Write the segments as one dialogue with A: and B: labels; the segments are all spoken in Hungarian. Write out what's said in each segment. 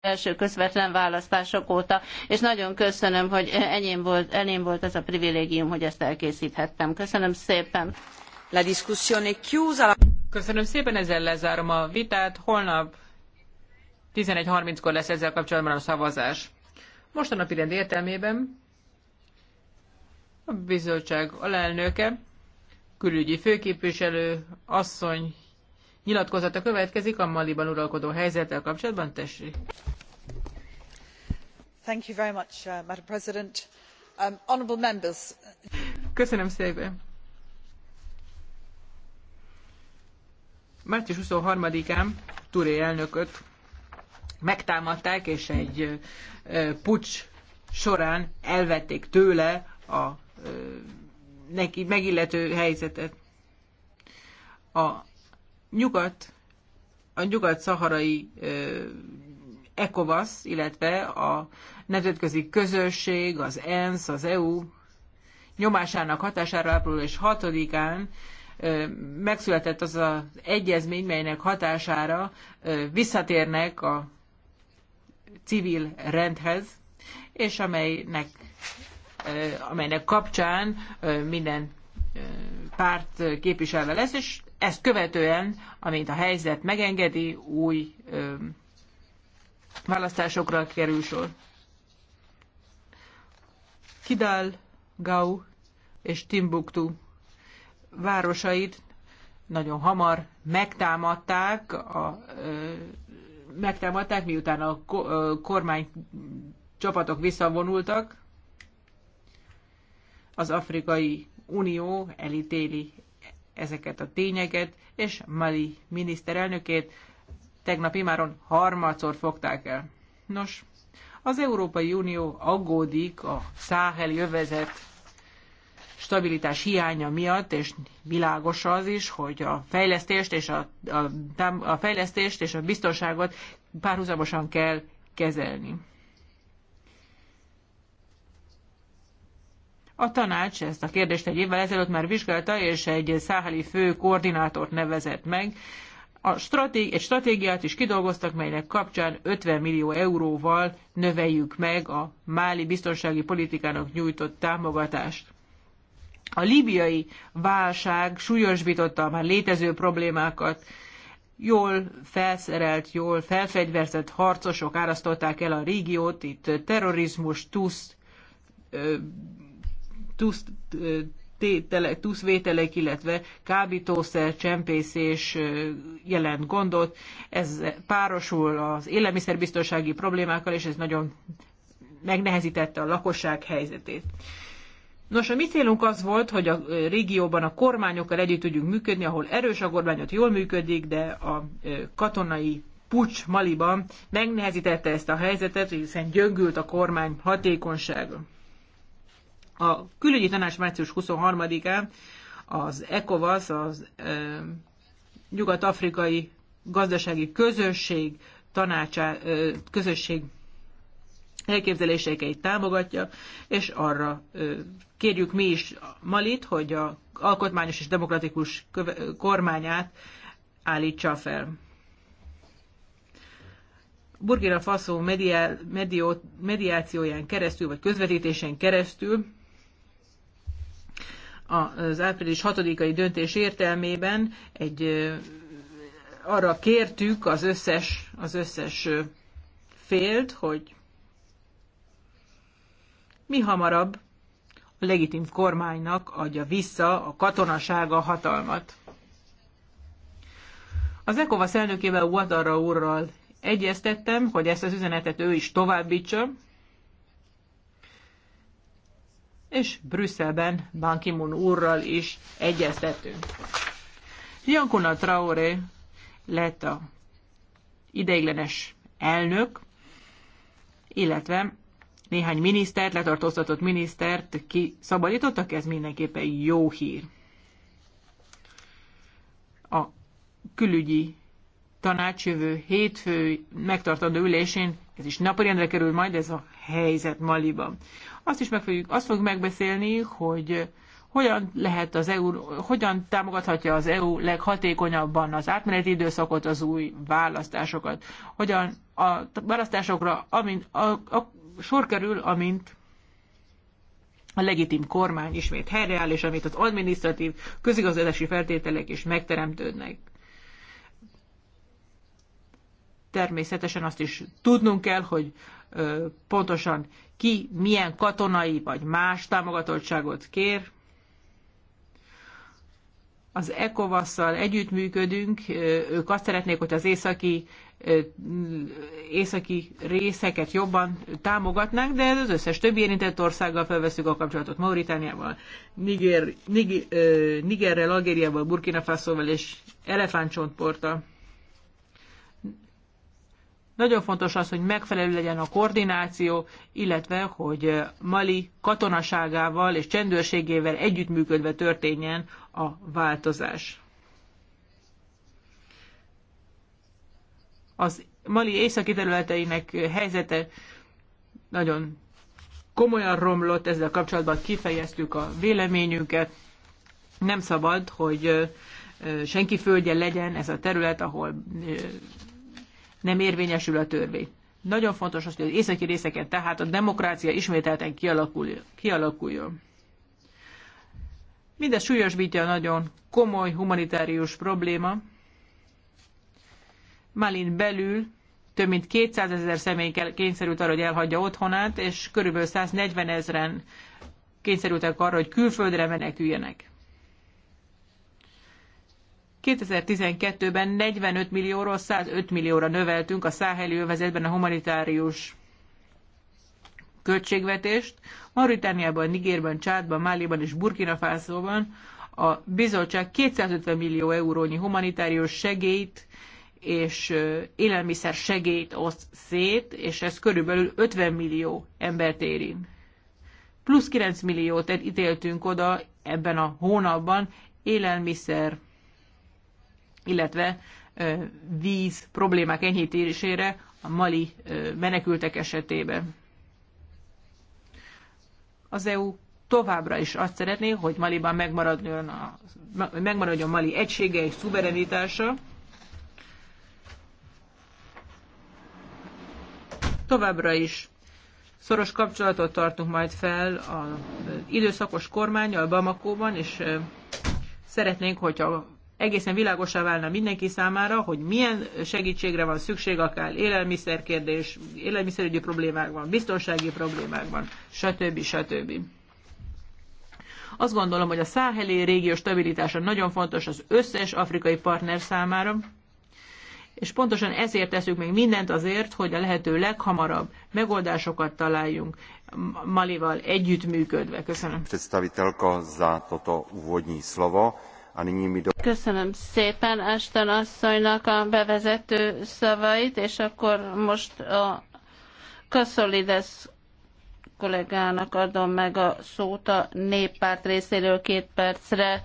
A: első közvetlen választások óta, és nagyon köszönöm, hogy enyém volt, enyém volt ez a
B: privilégium,
A: hogy ezt elkészíthettem. Köszönöm szépen. La discussione
B: chiusa. Köszönöm szépen, ezzel lezárom a vitát. Holnap 11.30-kor lesz ezzel kapcsolatban a szavazás. Most a napi rend értelmében a bizottság alelnöke, külügyi főképviselő, asszony nyilatkozata következik a Maliban uralkodó helyzettel kapcsolatban. Tessé. Thank you very much, uh, Madam President. Um, honorable members. Köszönöm szépen. Március 23-án Turé elnököt megtámadták, és egy pucs során elvették tőle a neki megillető helyzetet. A nyugat, a nyugat-szaharai ECOVAS, illetve a nemzetközi közösség, az ENSZ, az EU nyomásának hatására április 6-án megszületett az az egyezmény, melynek hatására visszatérnek a civil rendhez, és amelynek, amelynek kapcsán minden párt képviselve lesz, és ezt követően, amint a helyzet megengedi, új ö, választásokra kerül sor. Kidal, Gau és Timbuktu városait nagyon hamar megtámadták, a, ö, megtámadták miután a ko, ö, kormány csapatok visszavonultak. Az Afrikai Unió elítéli ezeket a tényeket, és Mali miniszterelnökét tegnap imáron harmadszor fogták el. Nos, az Európai Unió aggódik a száheli övezet stabilitás hiánya miatt, és világos az is, hogy a fejlesztést és a, a, a, fejlesztést és a biztonságot párhuzamosan kell kezelni. A tanács ezt a kérdést egy évvel ezelőtt már vizsgálta, és egy száheli fő koordinátort nevezett meg. A stratégi- egy stratégiát is kidolgoztak, melynek kapcsán 50 millió euróval növeljük meg a máli biztonsági politikának nyújtott támogatást. A libiai válság súlyosbította már létező problémákat, jól felszerelt, jól felfegyverzett harcosok árasztották el a régiót, itt terrorizmus, tuszt, tusz, tétele, túszvételek, illetve kábítószer, csempészés jelent gondot. Ez párosul az élelmiszerbiztonsági problémákkal, és ez nagyon megnehezítette a lakosság helyzetét. Nos, a mi célunk az volt, hogy a régióban a kormányokkal együtt tudjunk működni, ahol erős a kormányot jól működik, de a katonai pucs Maliban megnehezítette ezt a helyzetet, hiszen gyöngült a kormány hatékonysága. A külügyi tanács március 23-án az ECOWAS, az e, nyugat-afrikai gazdasági közösség tanácsá, e, közösség elképzeléseikeit támogatja, és arra e, kérjük mi is Malit, hogy a alkotmányos és demokratikus köve, kormányát állítsa fel. Burkina Faso mediá, medió, mediációján keresztül, vagy közvetítésen keresztül az április 6-ai döntés értelmében egy arra kértük az összes, az összes félt, hogy mi hamarabb a legitim kormánynak adja vissza a katonasága hatalmat. Az ECOVASZ elnökével Ouattara úrral egyeztettem, hogy ezt az üzenetet ő is továbbítsa, és Brüsszelben Ban Ki-moon úrral is egyeztetünk. Jankuna Traoré lett a ideiglenes elnök, illetve néhány minisztert, letartóztatott minisztert kiszabadítottak, ez mindenképpen jó hír. A külügyi tanács jövő hétfő megtartandó ülésén ez is napirendre kerül majd ez a helyzet Maliban. Azt is meg fogjuk, azt fogjuk megbeszélni, hogy hogyan lehet az EU, hogyan támogathatja az EU leghatékonyabban az átmeneti időszakot, az új választásokat, hogyan a választásokra amint, a, a sor kerül, amint a legitim kormány ismét helyreáll, és amit az adminisztratív közigazgatási feltételek is megteremtődnek természetesen azt is tudnunk kell, hogy pontosan ki milyen katonai vagy más támogatottságot kér. Az ECOVAS-szal együttműködünk, ők azt szeretnék, hogy az északi, északi részeket jobban támogatnánk, de az összes többi érintett országgal felveszünk a kapcsolatot Mauritániával, Niger, Niger, Nigerrel, Algériával, Burkina Fasoval és Elefántcsontporttal. Nagyon fontos az, hogy megfelelő legyen a koordináció, illetve, hogy Mali katonaságával és csendőrségével együttműködve történjen a változás. Az Mali északi területeinek helyzete nagyon komolyan romlott, ezzel kapcsolatban kifejeztük a véleményünket. Nem szabad, hogy senki földje legyen ez a terület, ahol nem érvényesül a törvény. Nagyon fontos az, hogy az északi részeken tehát a demokrácia ismételten kialakuljon. kialakuljon. Mindez súlyosbítja a nagyon komoly humanitárius probléma. Malin belül több mint 200 ezer személy kényszerült arra, hogy elhagyja otthonát, és körülbelül 140 ezeren kényszerültek arra, hogy külföldre meneküljenek. 2012-ben 45 millióról 105 millióra növeltünk a száheli övezetben a humanitárius költségvetést. Mauritániában, Nigérben, Csádban, Máliban és Burkina faso a bizottság 250 millió eurónyi humanitárius segélyt és élelmiszer segélyt oszt szét, és ez körülbelül 50 millió embert érint. Plusz 9 milliót ítéltünk oda ebben a hónapban élelmiszer illetve víz problémák enyhítésére a mali menekültek esetében. Az EU továbbra is azt szeretné, hogy Maliban megmaradjon, a, megmaradjon Mali egysége és szuverenitása. Továbbra is szoros kapcsolatot tartunk majd fel az időszakos kormányal Bamakóban, és szeretnénk, hogyha egészen világosá válna mindenki számára, hogy milyen segítségre van szükség, akár élelmiszerkérdés, élelmiszerügyi problémákban, biztonsági problémákban, stb. stb. Azt gondolom, hogy a száheli régió stabilitása nagyon fontos az összes afrikai partner számára, és pontosan ezért teszünk még mindent azért, hogy a lehető leghamarabb megoldásokat találjunk Malival együttműködve. Köszönöm.
A: Představitelka za toto úvodní slovo. A nyní mi do...
B: Köszönöm szépen
A: Ashton asszonynak a bevezető szavait, és akkor most a Kaszolides kollégának adom meg a szót a néppárt részéről két percre.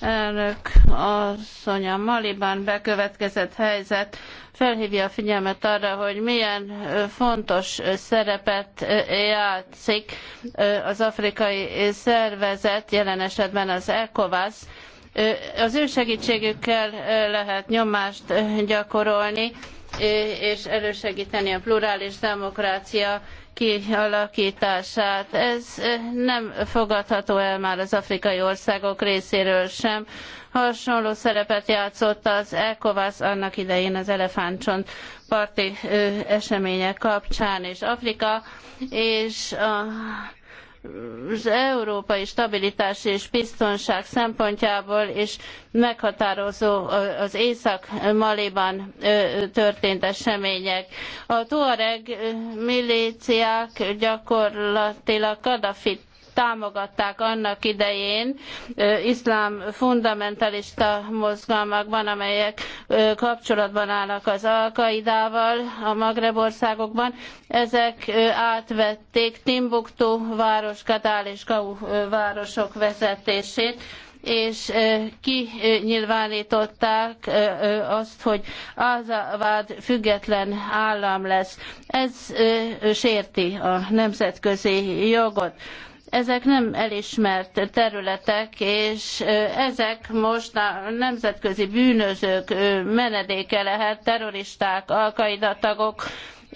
A: Elnök asszony, a Maliban bekövetkezett helyzet felhívja a figyelmet arra, hogy milyen fontos szerepet játszik az afrikai szervezet, jelen esetben az ECOWAS, az ő segítségükkel lehet nyomást gyakorolni, és elősegíteni a plurális demokrácia kialakítását. Ez nem fogadható el már az afrikai országok részéről sem. Hasonló szerepet játszott az ECOWAS annak idején az elefántcsont parti események kapcsán, és Afrika és a az európai stabilitás és biztonság szempontjából is meghatározó az Észak-Maliban történt események. A Tuareg milíciák gyakorlatilag Kadafit támogatták annak idején iszlám fundamentalista mozgalmakban, amelyek kapcsolatban állnak az Al-Qaidával a Magreb országokban. Ezek átvették Timbuktu város, Katál és Kau városok vezetését és kinyilvánították azt, hogy vád független állam lesz. Ez sérti a nemzetközi jogot ezek nem elismert területek, és ezek most a nemzetközi bűnözők menedéke lehet, terroristák, alkaida tagok,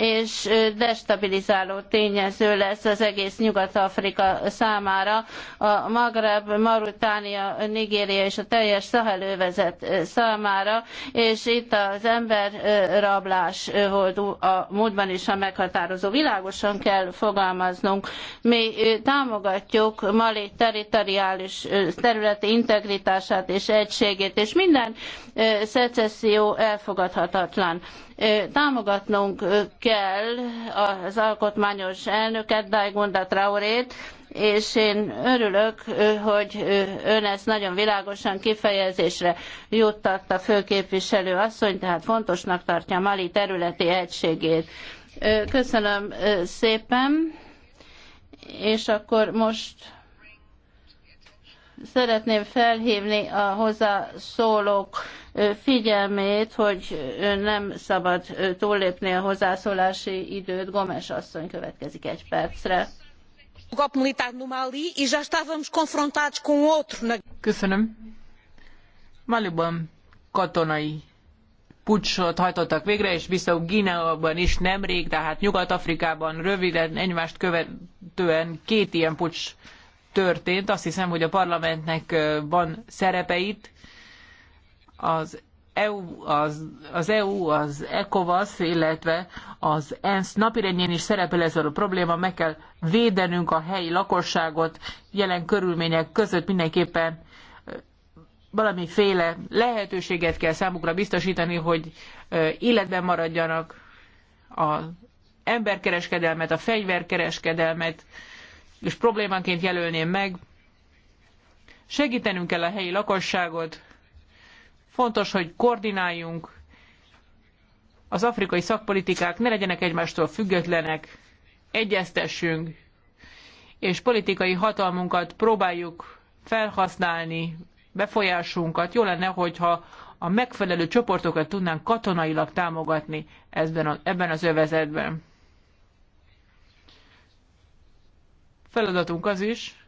A: és destabilizáló tényező lesz az egész Nyugat-Afrika számára. A Magreb, Mauritánia, Nigéria és a teljes Szahelővezet számára, és itt az emberrablás volt a múltban is a meghatározó. Világosan kell fogalmaznunk. Mi támogatjuk Mali teritoriális területi integritását és egységét, és minden szecesszió elfogadhatatlan. Támogatnunk kell az alkotmányos elnöket, Dajgunda Traorét, és én örülök, hogy ön ezt nagyon világosan kifejezésre juttatta főképviselő asszony, tehát fontosnak tartja Mali területi egységét. Köszönöm szépen, és akkor most szeretném felhívni a hozzászólók figyelmét, hogy nem szabad túllépni a hozzászólási időt. Gomes asszony következik egy
B: percre. E Köszönöm. Maliban katonai pucsot hajtottak végre, és Bissau Gineában is nemrég, tehát Nyugat-Afrikában röviden egymást követően két ilyen pucs történt. Azt hiszem, hogy a parlamentnek van szerepe itt. Az EU, az, az, EU, az ECOWAS, illetve az ENSZ napirendjén is szerepel ez a probléma, meg kell védenünk a helyi lakosságot jelen körülmények között mindenképpen valamiféle lehetőséget kell számukra biztosítani, hogy életben maradjanak az emberkereskedelmet, a fegyverkereskedelmet, és problémánként jelölném meg. Segítenünk kell a helyi lakosságot, fontos, hogy koordináljunk, az afrikai szakpolitikák ne legyenek egymástól függetlenek, egyeztessünk, és politikai hatalmunkat próbáljuk felhasználni, befolyásunkat. Jó lenne, hogyha a megfelelő csoportokat tudnánk katonailag támogatni ebben, ebben az övezetben. Feladatunk az is,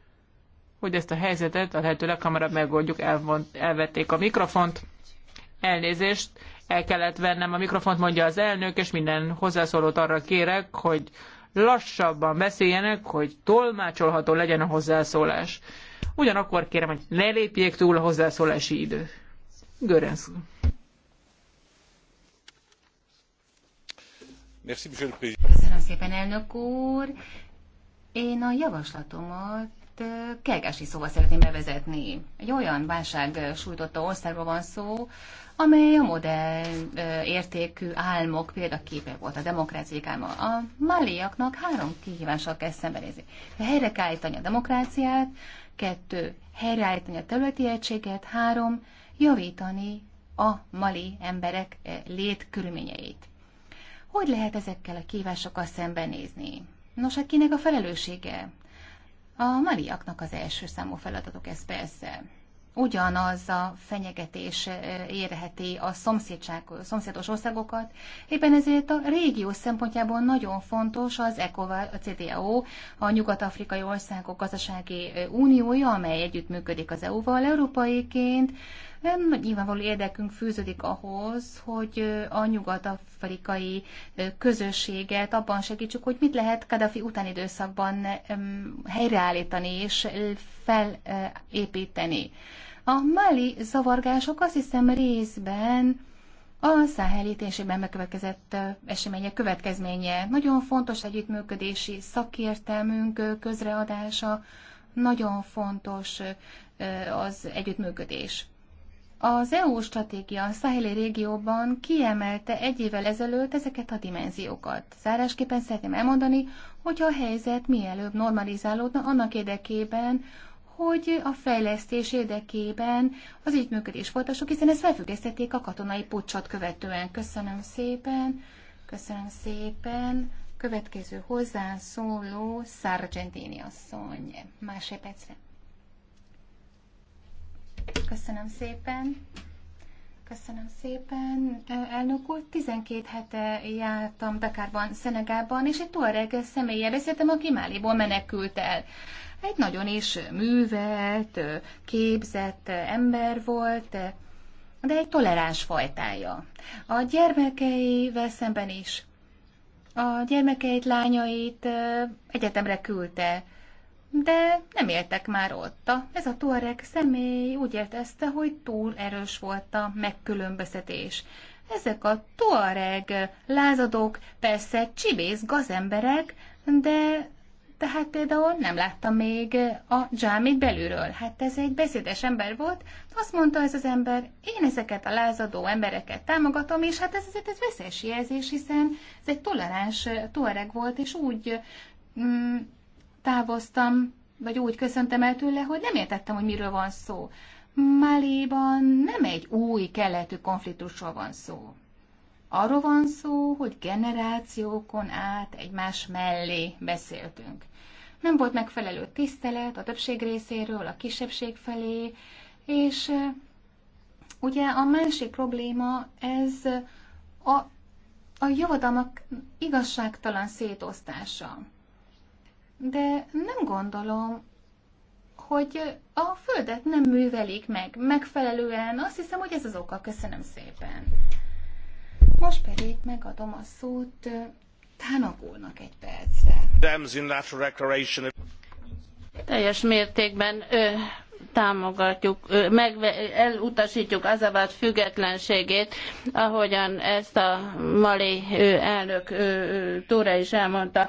B: hogy ezt a helyzetet a lehető leghamarabb megoldjuk. Elvont, elvették a mikrofont. Elnézést, el kellett vennem a mikrofont, mondja az elnök, és minden hozzászólót arra kérek, hogy lassabban beszéljenek, hogy tolmácsolható legyen a hozzászólás. Ugyanakkor kérem, hogy ne lépjék túl a hozzászólási idő. Görensz.
A: Köszönöm
C: szépen, elnök úr. Én a javaslatomat kergási szóval szeretném bevezetni. Egy olyan válság sújtotta országról van szó, amely a modell értékű álmok példaképe volt, a demokráciák álma. A maliaknak három kihívással kell szembenézni. Helyre kell állítani a demokráciát, kettő, helyreállítani a területi egységet, három, javítani a mali emberek létkörülményeit. Hogy lehet ezekkel a kívásokkal szembenézni? Nos, hát kinek a felelőssége? A maliaknak az első számú feladatok ez persze. Ugyanaz a fenyegetés eh, érheti a szomszédos országokat, éppen ezért a régió szempontjából nagyon fontos az ECOVA, a CDAO, e a nyugat-afrikai országok gazdasági eh, uniója, amely együttműködik az EU-val, európaiként nagy nyilvánvaló érdekünk fűződik ahhoz, hogy a nyugat-afrikai közösséget abban segítsük, hogy mit lehet Kadafi utáni időszakban helyreállítani és felépíteni. A mali zavargások azt hiszem részben a Száhel megkövetkezett események következménye. Nagyon fontos együttműködési szakértelmünk közreadása, nagyon fontos az együttműködés. Az EU stratégia a Szaheli régióban kiemelte egy évvel ezelőtt ezeket a dimenziókat. Zárásképpen szeretném elmondani, hogy a helyzet mielőbb normalizálódna annak érdekében, hogy a fejlesztés érdekében az ügyműködés folytassuk, hiszen ezt felfüggesztették a katonai pucsot követően. Köszönöm szépen, köszönöm szépen. Következő hozzászóló Sargentini asszony. percre. Köszönöm szépen. Köszönöm szépen, elnök úr. 12 hete jártam Dakarban, Szenegában, és egy Tuareg személye beszéltem, aki Máliból menekült el. Egy nagyon is művelt, képzett ember volt, de egy toleráns fajtája. A gyermekeivel szemben is. A gyermekeit, lányait egyetemre küldte de nem éltek már ott. Ez a Tuareg személy úgy értezte, hogy túl erős volt a megkülönböztetés. Ezek a Tuareg lázadók persze csibész gazemberek, de tehát például nem látta még a dzsámit belülről. Hát ez egy beszédes ember volt, azt mondta ez az ember, én ezeket a lázadó embereket támogatom, és hát ez azért egy veszélyes jelzés, hiszen ez egy toleráns tuareg volt, és úgy mm, távoztam, vagy úgy köszöntem el tőle, hogy nem értettem, hogy miről van szó. Maliban nem egy új keletű konfliktusról van szó. Arról van szó, hogy generációkon át egymás mellé beszéltünk. Nem volt megfelelő tisztelet a többség részéről, a kisebbség felé, és ugye a másik probléma ez a, a javadalmak igazságtalan szétosztása de nem gondolom, hogy a földet nem művelik meg megfelelően. Azt hiszem, hogy ez az oka. Köszönöm szépen. Most pedig megadom a szót Tánagónak egy
B: percre.
C: Teljes mértékben ö,
A: támogatjuk, megve, elutasítjuk Azabát függetlenségét, ahogyan ezt a mali elnök Túra is elmondta.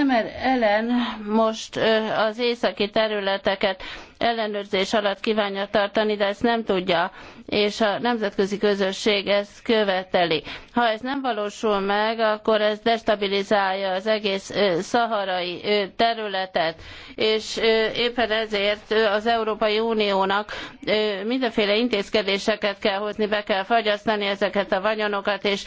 A: Emel ellen most az északi területeket ellenőrzés alatt kívánja tartani, de ezt nem tudja és a nemzetközi közösség ezt követeli. Ha ez nem valósul meg, akkor ez destabilizálja az egész szaharai területet, és éppen ezért az Európai Uniónak mindenféle intézkedéseket kell hozni, be kell fagyasztani ezeket a vagyonokat, és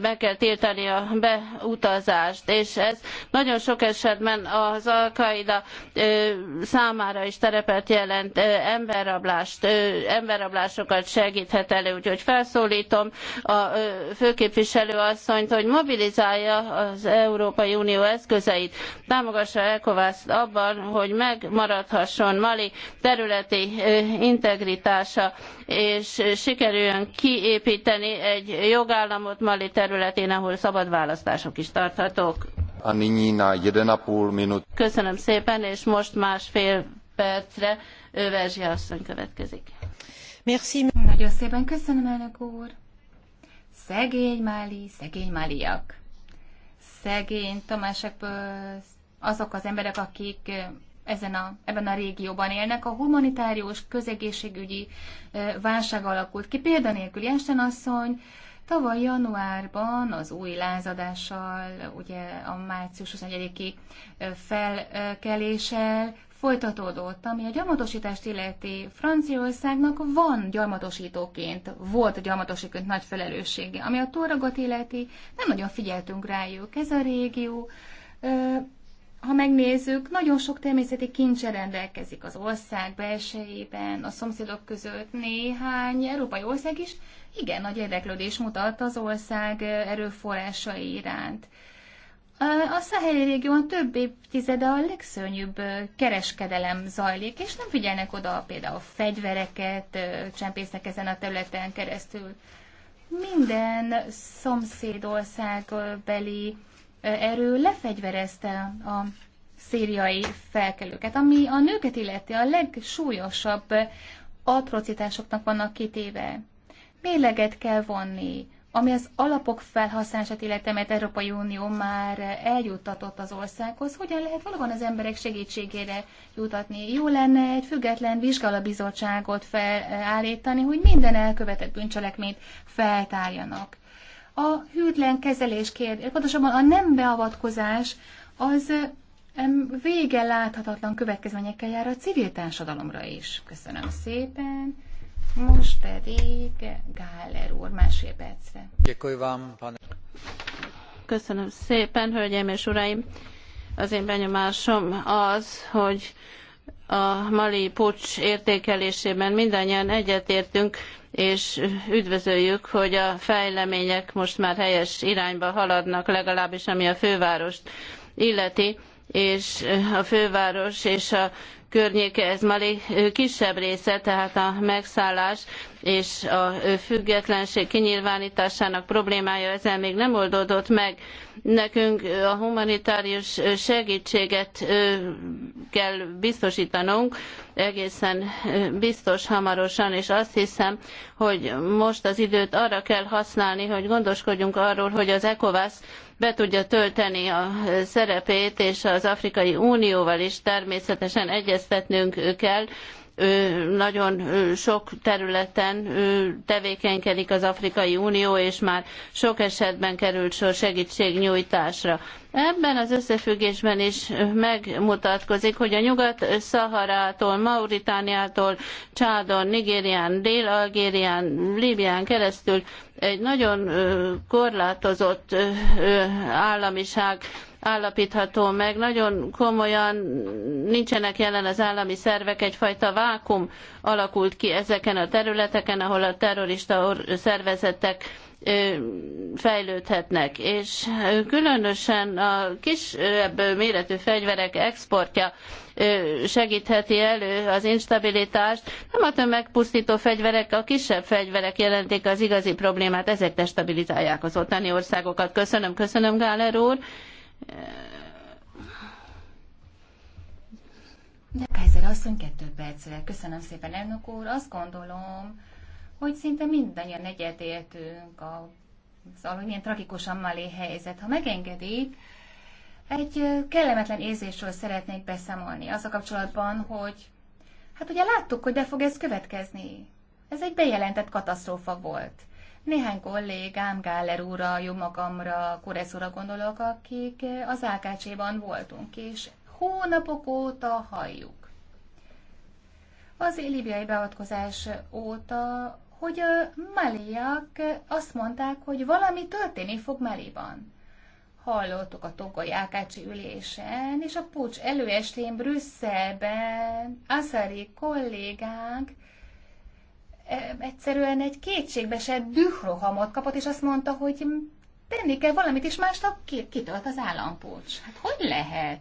A: be kell tiltani a beutazást, és ez nagyon sok esetben az Al-Qaida számára is terepet jelent emberrablást, emberrablásokat segíthet elő. Úgyhogy felszólítom a főképviselő asszonyt, hogy mobilizálja az Európai Unió eszközeit, támogassa Elkovászt abban, hogy megmaradhasson Mali területi integritása, és sikerüljön kiépíteni egy jogállamot Mali területén, ahol szabad választások is tarthatók. A nyní na 1,5 minut. Köszönöm szépen, és most másfél percre
C: Verzsi asszony következik. Merci. Nagyon szépen köszönöm, elnök úr. Szegény Máli, szegény Máliak. Szegény Tamásek, eh, azok az emberek, akik eh, ezen a, ebben a régióban élnek. A humanitárius közegészségügyi eh, válság alakult ki. Példanélkül Jensen asszony tavaly januárban az új lázadással, ugye a március 21-i felkeléssel folytatódott, ami a gyarmatosítást illeti Franciaországnak van gyarmatosítóként, volt gyarmatosítóként nagy felelőssége, ami a Tóragot illeti, nem nagyon figyeltünk rájuk. Ez a régió, ha megnézzük, nagyon sok természeti kincse rendelkezik az ország belsejében, a szomszédok között néhány európai ország is igen nagy érdeklődés mutat az ország erőforrásai iránt. A Szaheli régióban több évtizede a legszörnyűbb kereskedelem zajlik, és nem figyelnek oda például a fegyvereket, csempésznek ezen a területen keresztül. Minden szomszédországbeli erő lefegyverezte a szíriai felkelőket, ami a nőket illeti a legsúlyosabb atrocitásoknak vannak kitéve. Méleget kell vonni, ami az alapok felhasználását illetve mert Európai Unió már eljuttatott az országhoz, hogyan lehet valóban az emberek segítségére jutatni? Jó lenne egy független vizsgálabizottságot felállítani, hogy minden elkövetett bűncselekményt feltárjanak. A hűtlen kezelés kérdés, pontosabban a nem beavatkozás az vége láthatatlan következményekkel jár a civil társadalomra is. Köszönöm szépen. Most pedig Gáller úr, másfél percre. Köszönöm szépen, hölgyeim és
A: uraim! Az én benyomásom az, hogy a mali pucs értékelésében mindannyian egyetértünk, és üdvözöljük, hogy a fejlemények most már helyes irányba haladnak, legalábbis ami a fővárost illeti és a főváros és a környéke, ez már kisebb része, tehát a megszállás és a függetlenség kinyilvánításának problémája ezzel még nem oldódott meg. Nekünk a humanitárius segítséget kell biztosítanunk egészen biztos hamarosan, és azt hiszem, hogy most az időt arra kell használni, hogy gondoskodjunk arról, hogy az ECOWAS be tudja tölteni a szerepét, és az Afrikai Unióval is természetesen egyes figyelmeztetnünk kell. Nagyon sok területen tevékenykedik az Afrikai Unió, és már sok esetben került sor segítségnyújtásra. Ebben az összefüggésben is megmutatkozik, hogy a Nyugat-Szaharától, Mauritániától, Csádon, Nigérián, Dél-Algérián, Líbián keresztül egy nagyon korlátozott államiság állapítható meg. Nagyon komolyan nincsenek jelen az állami szervek, egyfajta vákum alakult ki ezeken a területeken, ahol a terrorista szervezetek fejlődhetnek. És különösen a kisebb méretű fegyverek exportja segítheti elő az instabilitást. Nem a tömegpusztító fegyverek, a kisebb fegyverek jelentik az igazi problémát, ezek destabilizálják az ottani országokat. Köszönöm, köszönöm, Gáler úr.
C: De Kaiser asszony kettő percre. Köszönöm szépen, elnök úr. Azt gondolom, hogy szinte mindannyian egyetértünk a, szóval, ilyen milyen tragikusan malé helyzet. Ha megengedik, egy kellemetlen érzésről szeretnék beszámolni az a kapcsolatban, hogy hát ugye láttuk, hogy be fog ez következni. Ez egy bejelentett katasztrófa volt. Néhány kollégám, Gáller úrra, jó magamra, Kuresz gondolok, akik az Ákácséban voltunk, és hónapok óta halljuk. Az libiai beavatkozás óta, hogy a maliak azt mondták, hogy valami történni fog Maliban hallottuk a Tokaj Ákácsi ülésen, és a pucs előestén Brüsszelben Aszari kollégánk egyszerűen egy kétségbesett dührohamot kapott, és azt mondta, hogy tenni kell valamit, és másnap kitölt az állampulcs. Hát hogy lehet,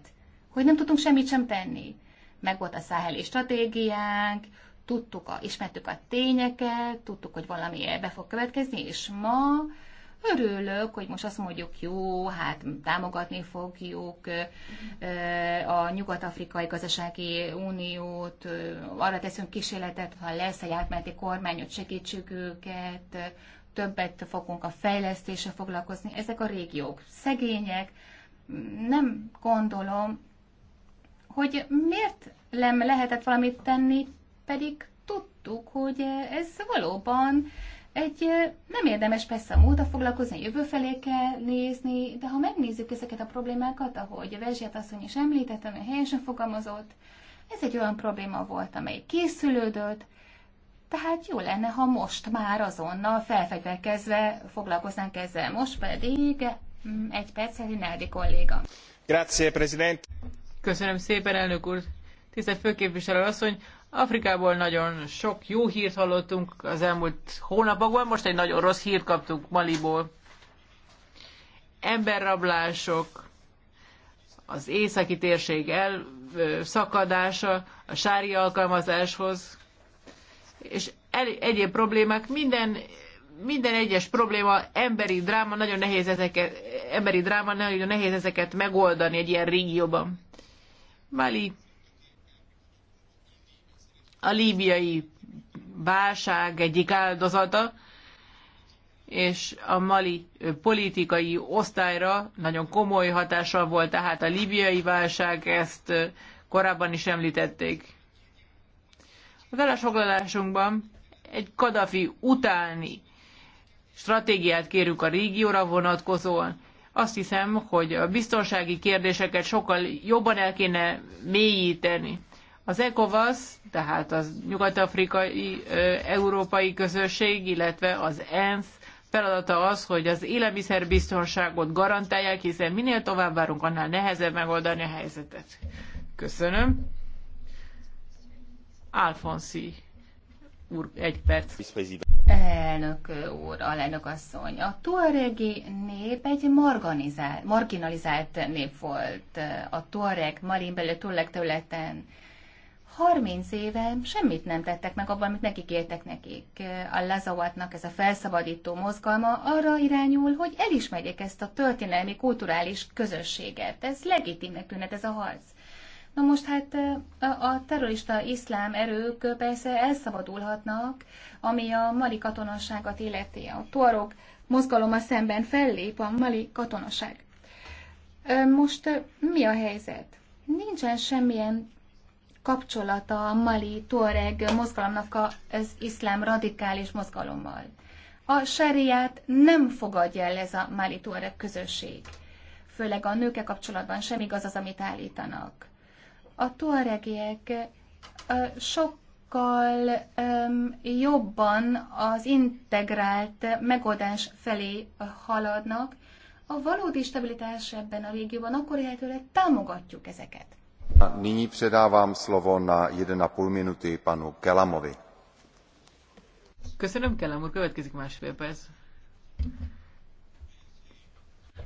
C: hogy nem tudunk semmit sem tenni? Meg volt a száheli stratégiánk, tudtuk, a, ismertük a tényeket, tudtuk, hogy valami be fog következni, és ma Örülök, hogy most azt mondjuk, jó, hát támogatni fogjuk a Nyugat-Afrikai Gazdasági Uniót, arra teszünk kísérletet, ha lesz egy átmeneti kormány, hogy segítsük őket, többet fogunk a fejlesztésre foglalkozni. Ezek a régiók szegények, nem gondolom, hogy miért nem lehetett valamit tenni, pedig tudtuk, hogy ez valóban egy nem érdemes persze a múlta foglalkozni, jövő felé kell nézni, de ha megnézzük ezeket a problémákat, ahogy a Vezsiát asszony is említett, ami helyesen fogalmazott, ez egy olyan probléma volt, amely készülődött, tehát jó lenne, ha most már azonnal felfegyverkezve foglalkoznánk ezzel. Most pedig mm, egy perc, Rinaldi kolléga.
B: Grazie, President. Köszönöm szépen, elnök úr. Tisztelt főképviselő asszony, Afrikából nagyon sok jó hírt hallottunk az elmúlt hónapokban, most egy nagyon rossz hírt kaptunk Maliból. Emberrablások, az északi térség elszakadása, a sári alkalmazáshoz, és egyéb problémák, minden, minden egyes probléma, emberi dráma, nagyon nehéz ezeket, emberi dráma, nagyon nehéz ezeket megoldani egy ilyen régióban. Mali a líbiai válság egyik áldozata, és a mali politikai osztályra nagyon komoly hatással volt, tehát a líbiai válság, ezt korábban is említették. A felesfoglalásunkban egy Kadafi utáni stratégiát kérünk a régióra vonatkozóan. Azt hiszem, hogy a biztonsági kérdéseket sokkal jobban el kéne mélyíteni. Az ECOWAS, tehát az nyugat-afrikai európai közösség, illetve az ENSZ feladata az, hogy az élelmiszerbiztonságot garantálják, hiszen minél tovább várunk, annál nehezebb megoldani a helyzetet. Köszönöm. Alfonszi úr, egy perc.
C: Elnök úr, alelnök asszony, a tuaregi nép egy marginalizált nép volt. A tuareg Malin belül Tuareg területen 30 éve semmit nem tettek meg abban, amit nekik éltek nekik. A Lazawatnak ez a felszabadító mozgalma arra irányul, hogy elismerjék ezt a történelmi, kulturális közösséget. Ez legitimnek tűnhet ez a harc. Na most hát a terrorista iszlám erők persze elszabadulhatnak, ami a mali katonasságot illeti. A mozgalom a szemben fellép a mali katonaság. Most mi a helyzet? Nincsen semmilyen kapcsolata a Mali Tuareg mozgalomnak az iszlám radikális mozgalommal. A seriát nem fogadja el ez a Mali Tuareg közösség. Főleg a nőkkel kapcsolatban sem igaz az, amit állítanak. A tuaregiek sokkal jobban az integrált megoldás felé haladnak. A valódi stabilitás ebben a régióban akkor lehetőleg támogatjuk ezeket.
A: Nyní předávám slovo na 1,5 minuty panu Kelamovi.
B: Köszönöm, Kellem úr, következik másfél perc.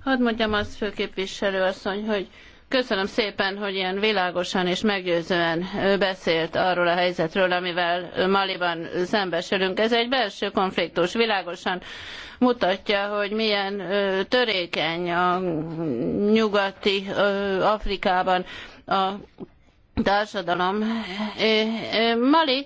A: Hadd mondjam azt, főképviselő asszony, hogy Köszönöm szépen, hogy ilyen világosan és meggyőzően beszélt arról a helyzetről, amivel Maliban szembesülünk. Ez egy belső konfliktus, világosan mutatja, hogy milyen törékeny a nyugati Afrikában a társadalom. Mali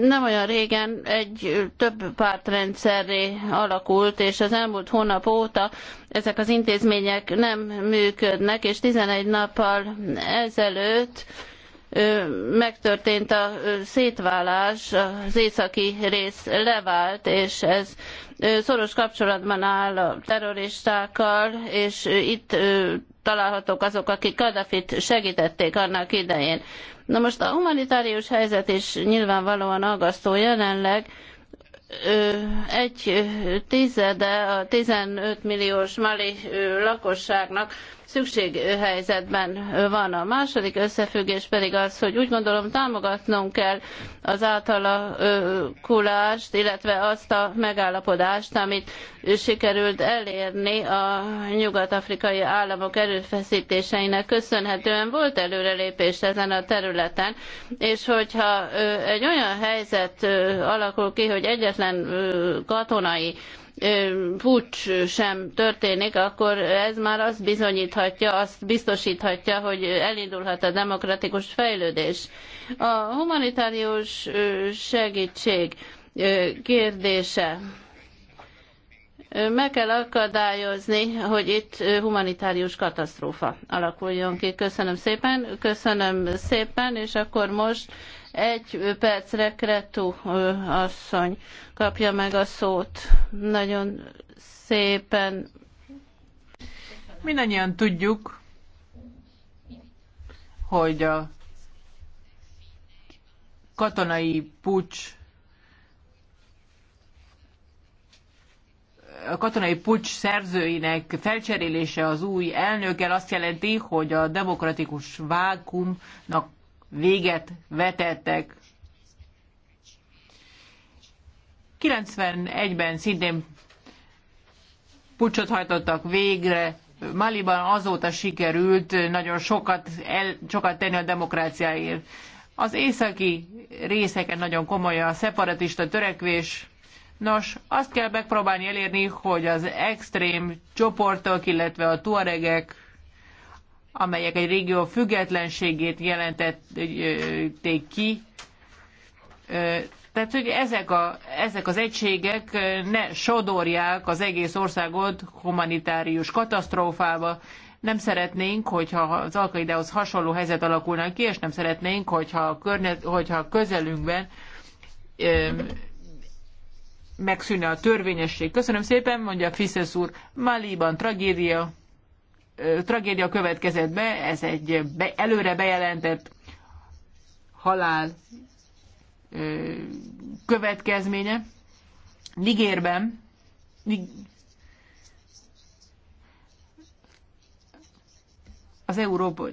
A: nem olyan régen egy több pártrendszerré alakult, és az elmúlt hónap óta ezek az intézmények nem működnek, és 11 nappal ezelőtt megtörtént a szétválás, az északi rész levált, és ez szoros kapcsolatban áll a terroristákkal, és itt találhatók azok, akik Gaddafit segítették annak idején. Na most a humanitárius helyzet is nyilvánvalóan aggasztó jelenleg, egy tizede a 15 milliós mali lakosságnak szükséghelyzetben van. A második összefüggés pedig az, hogy úgy gondolom támogatnunk kell az átalakulást, illetve azt a megállapodást, amit sikerült elérni a nyugat-afrikai államok erőfeszítéseinek köszönhetően. Volt előrelépés ezen a területen, és hogyha egy olyan helyzet alakul ki, hogy egyetlen katonai pucs sem történik, akkor ez már azt bizonyíthatja, azt biztosíthatja, hogy elindulhat a demokratikus fejlődés. A humanitárius segítség kérdése. Meg kell akadályozni, hogy itt humanitárius katasztrófa alakuljon ki. Köszönöm szépen, köszönöm szépen, és akkor most egy percre Kretu asszony kapja meg a szót. Nagyon szépen. Mindannyian tudjuk,
B: hogy a katonai pucs a katonai pucs szerzőinek felcserélése az új elnökkel azt jelenti, hogy a demokratikus vákumnak véget vetettek. 91-ben szintén pucsot hajtottak végre, Maliban azóta sikerült nagyon sokat, el, sokat tenni a demokráciáért. Az északi részeken nagyon komoly a szeparatista törekvés. Nos, azt kell megpróbálni elérni, hogy az extrém csoportok, illetve a tuaregek amelyek egy régió függetlenségét jelentették ki. Tehát, hogy ezek, a, ezek az egységek ne sodorják az egész országot humanitárius katasztrófába. Nem szeretnénk, hogyha az alkaidához hasonló helyzet alakulna ki, és nem szeretnénk, hogyha, környe, hogyha közelünkben megszűnne a törvényesség. Köszönöm szépen, mondja Fiszesz úr, Máliban tragédia, tragédia következett be, ez egy be, előre bejelentett halál ö, következménye. Nigérben Nig... az Európa,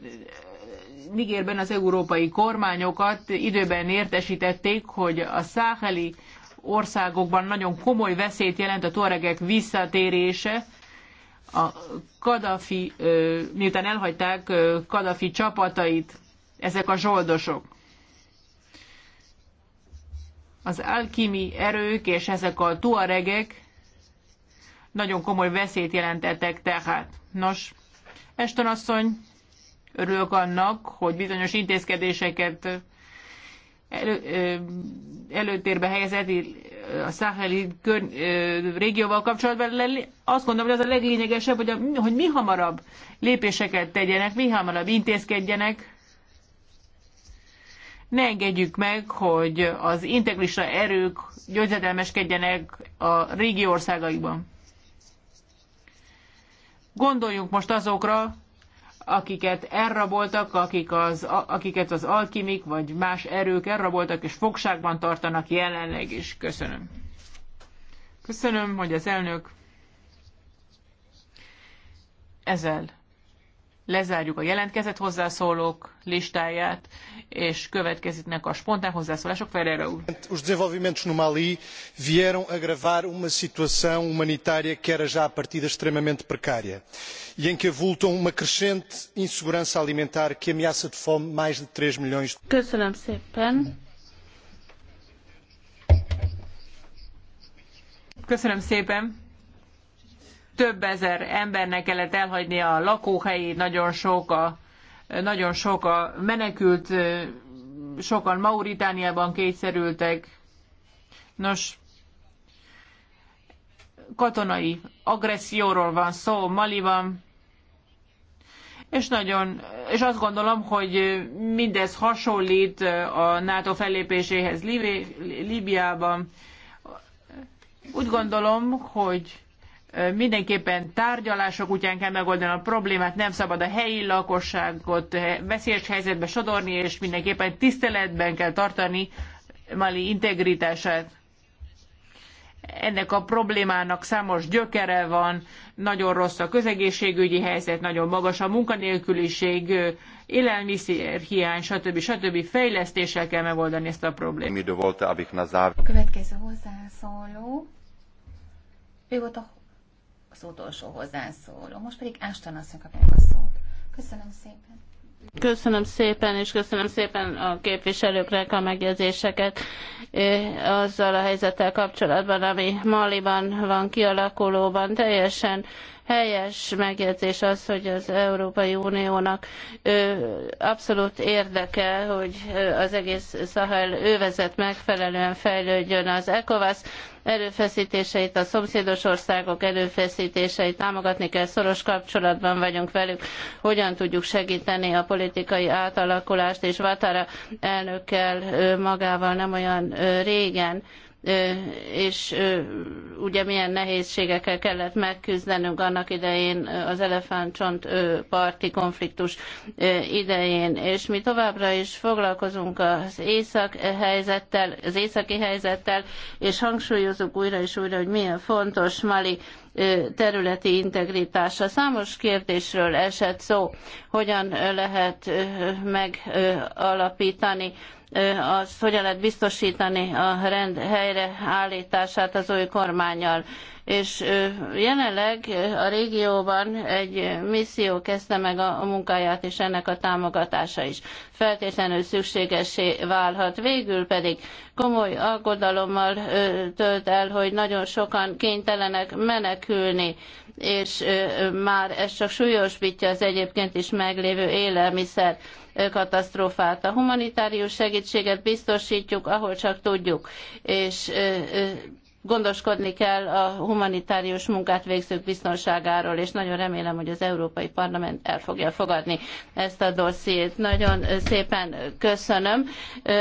B: Nigérben az európai kormányokat időben értesítették, hogy a száheli országokban nagyon komoly veszélyt jelent a toregek visszatérése, a Kadafi, miután elhagyták Kadafi csapatait, ezek a zsoldosok. Az alkimi erők és ezek a tuaregek nagyon komoly veszélyt jelentettek tehát. Nos, Eston asszony, örülök annak, hogy bizonyos intézkedéseket elő, előtérbe helyezett, a száheli kör, régióval kapcsolatban azt gondolom, hogy az a leglényegesebb, hogy, a, hogy mi hamarabb lépéseket tegyenek, mi hamarabb intézkedjenek. Ne engedjük meg, hogy az integrista erők győzedelmeskedjenek a régi országaiban. Gondoljunk most azokra, akiket elraboltak, akik az, akiket az alkimik vagy más erők elraboltak és fogságban tartanak jelenleg is. Köszönöm. Köszönöm, hogy az elnök ezzel lezárjuk a jelentkezett hozzászólók listáját, és következiknek a spontán hozzászólások. Ferreira úr.
C: Os desenvolvimentos no Mali vieram agravar uma situação humanitária que era já a partida extremamente precária e em que avultam uma crescente insegurança alimentar que ameaça de fome mais de 3 milhões de...
A: Köszönöm szépen.
B: Köszönöm szépen több ezer embernek kellett elhagyni a lakóhelyét, nagyon sok a, nagyon sok a menekült, sokan Mauritániában kényszerültek. Nos, katonai agresszióról van szó Maliban, és nagyon, és azt gondolom, hogy mindez hasonlít a NATO fellépéséhez Líbiában. Úgy gondolom, hogy mindenképpen tárgyalások útján kell megoldani a problémát, nem szabad a helyi lakosságot veszélyes helyzetbe sodorni, és mindenképpen tiszteletben kell tartani Mali integritását. Ennek a problémának számos gyökere van, nagyon rossz a közegészségügyi helyzet, nagyon magas a munkanélküliség, élelmiszerhiány, stb. stb. fejlesztéssel kell megoldani ezt a problémát.
C: Következő hozzászóló, ő volt a az utolsó hozzászóló. Most pedig Ástan asszony a szót. Köszönöm szépen.
A: Köszönöm szépen, és köszönöm szépen a képviselőknek a megjegyzéseket azzal a helyzettel kapcsolatban, ami Maliban van kialakulóban. Teljesen helyes megjegyzés az, hogy az Európai Uniónak ö, abszolút érdeke, hogy az egész Szahel övezet megfelelően fejlődjön az ECOWAS erőfeszítéseit, a szomszédos országok erőfeszítéseit támogatni kell, szoros kapcsolatban vagyunk velük, hogyan tudjuk segíteni a politikai átalakulást, és Vatara elnökkel magával nem olyan régen és ugye milyen nehézségekkel kellett megküzdenünk annak idején az elefántcsont parti konfliktus idején, és mi továbbra is foglalkozunk az észak helyzettel, az északi helyzettel, és hangsúlyozunk újra és újra, hogy milyen fontos Mali területi integritása. Számos kérdésről esett szó, hogyan lehet megalapítani az hogyan lehet biztosítani a rend helyreállítását az új kormányjal és jelenleg a régióban egy misszió kezdte meg a munkáját, és ennek a támogatása is feltétlenül szükségesé válhat. Végül pedig komoly aggodalommal tölt el, hogy nagyon sokan kénytelenek menekülni, és már ez csak súlyosbítja az egyébként is meglévő élelmiszer katasztrófát. A humanitárius segítséget biztosítjuk, ahol csak tudjuk, és gondoskodni kell a humanitárius munkát végzők biztonságáról, és nagyon remélem, hogy az Európai Parlament el fogja fogadni ezt a dossziét. Nagyon szépen köszönöm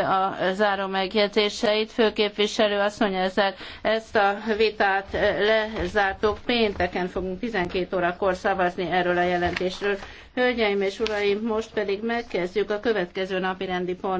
A: a záró megjegyzéseit. Főképviselő azt mondja, ezzel ezt a vitát lezártuk. Pénteken fogunk 12 órakor szavazni erről a jelentésről. Hölgyeim és uraim, most pedig megkezdjük a következő napi rendi pont.